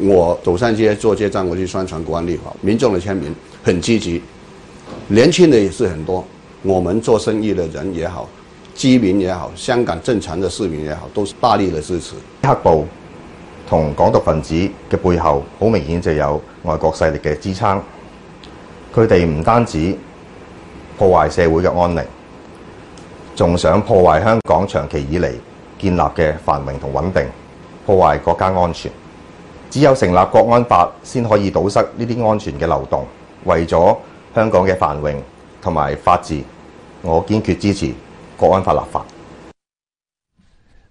我走上街做街站，我去宣傳國安立法，民眾嘅簽名很積極，年輕的也是很多。我們做生意嘅人也好，居民也好，香港正常的市民也好，都是大力的支持。黑暴同港獨分子嘅背後好明顯就有外國勢力嘅支撐，佢哋唔單止破壞社會嘅安寧，仲想破壞香港長期以嚟建立嘅繁榮同穩定，破壞國家安全。只有成立國安法，先可以堵塞呢啲安全嘅漏洞。為咗香港嘅繁榮同埋法治，我堅決支持國安法立法。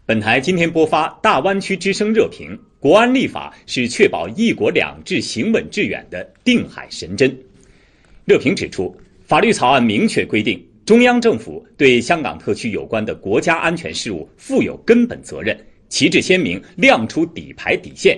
本台今天播發大灣區之聲熱評，國安立法是確保一國兩制行穩致遠的定海神針。熱評指出，法律草案明確規定中央政府對香港特區有關的國家安全事務負有根本責任，旗幟鮮明，亮出底牌、底線。